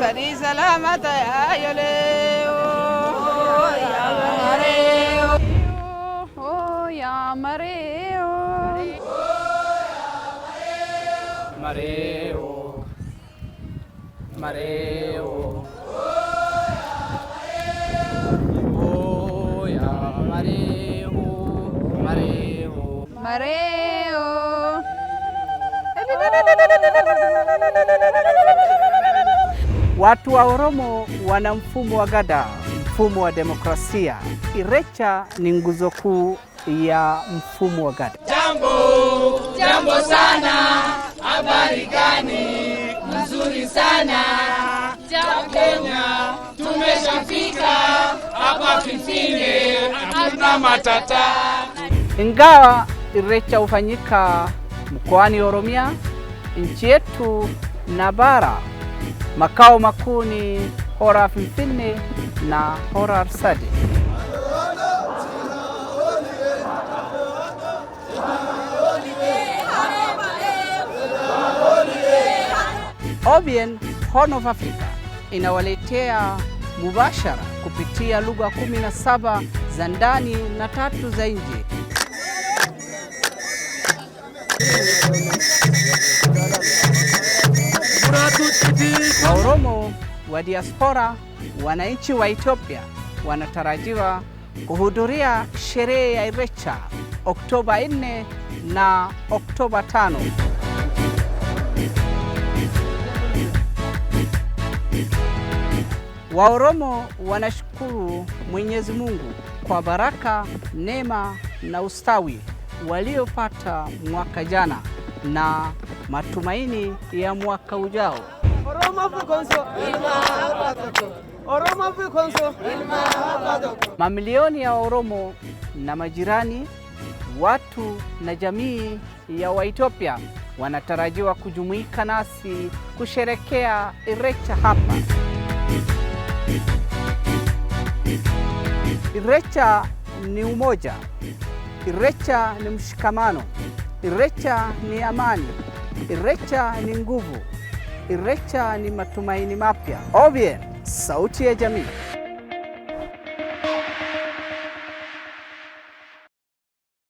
سري سلامة يا يليو يا مريو يا مريو مريو مريو Mareo. Mareo. Watu wa Oromo wana mfumo wa gada, mfumo wa demokrasia. Irecha ni nguzo kuu ya mfumo wa gada. Jambo, jambo sana. Habari gani? Mzuri sana. Kenya tumeshafika hapa Kitile, hatuna matata. Ingawa Irecha hufanyika mkoani Oromia, nchi yetu na bara Makao makuu ni Horar Finfinne na Horar Sadi. obien Horn of Africa inawaletea mubashara kupitia lugha 17 za ndani na tatu za nje. Waoromo wa diaspora, wananchi wa Ethiopia wanatarajiwa kuhudhuria sherehe ya Irecha Oktoba 4 na Oktoba 5. Waoromo wanashukuru Mwenyezi Mungu kwa baraka, neema na ustawi waliopata mwaka jana na matumaini ya mwaka ujao. Mamilioni ya Oromo na majirani, watu na jamii ya Waethiopia wanatarajiwa kujumuika nasi kusherekea Irecha hapa. Irecha ni umoja. Irecha ni mshikamano. Irecha ni amani. Irecha ni nguvu. Irecha ni matumaini mapya. OBN, sauti ya jamii.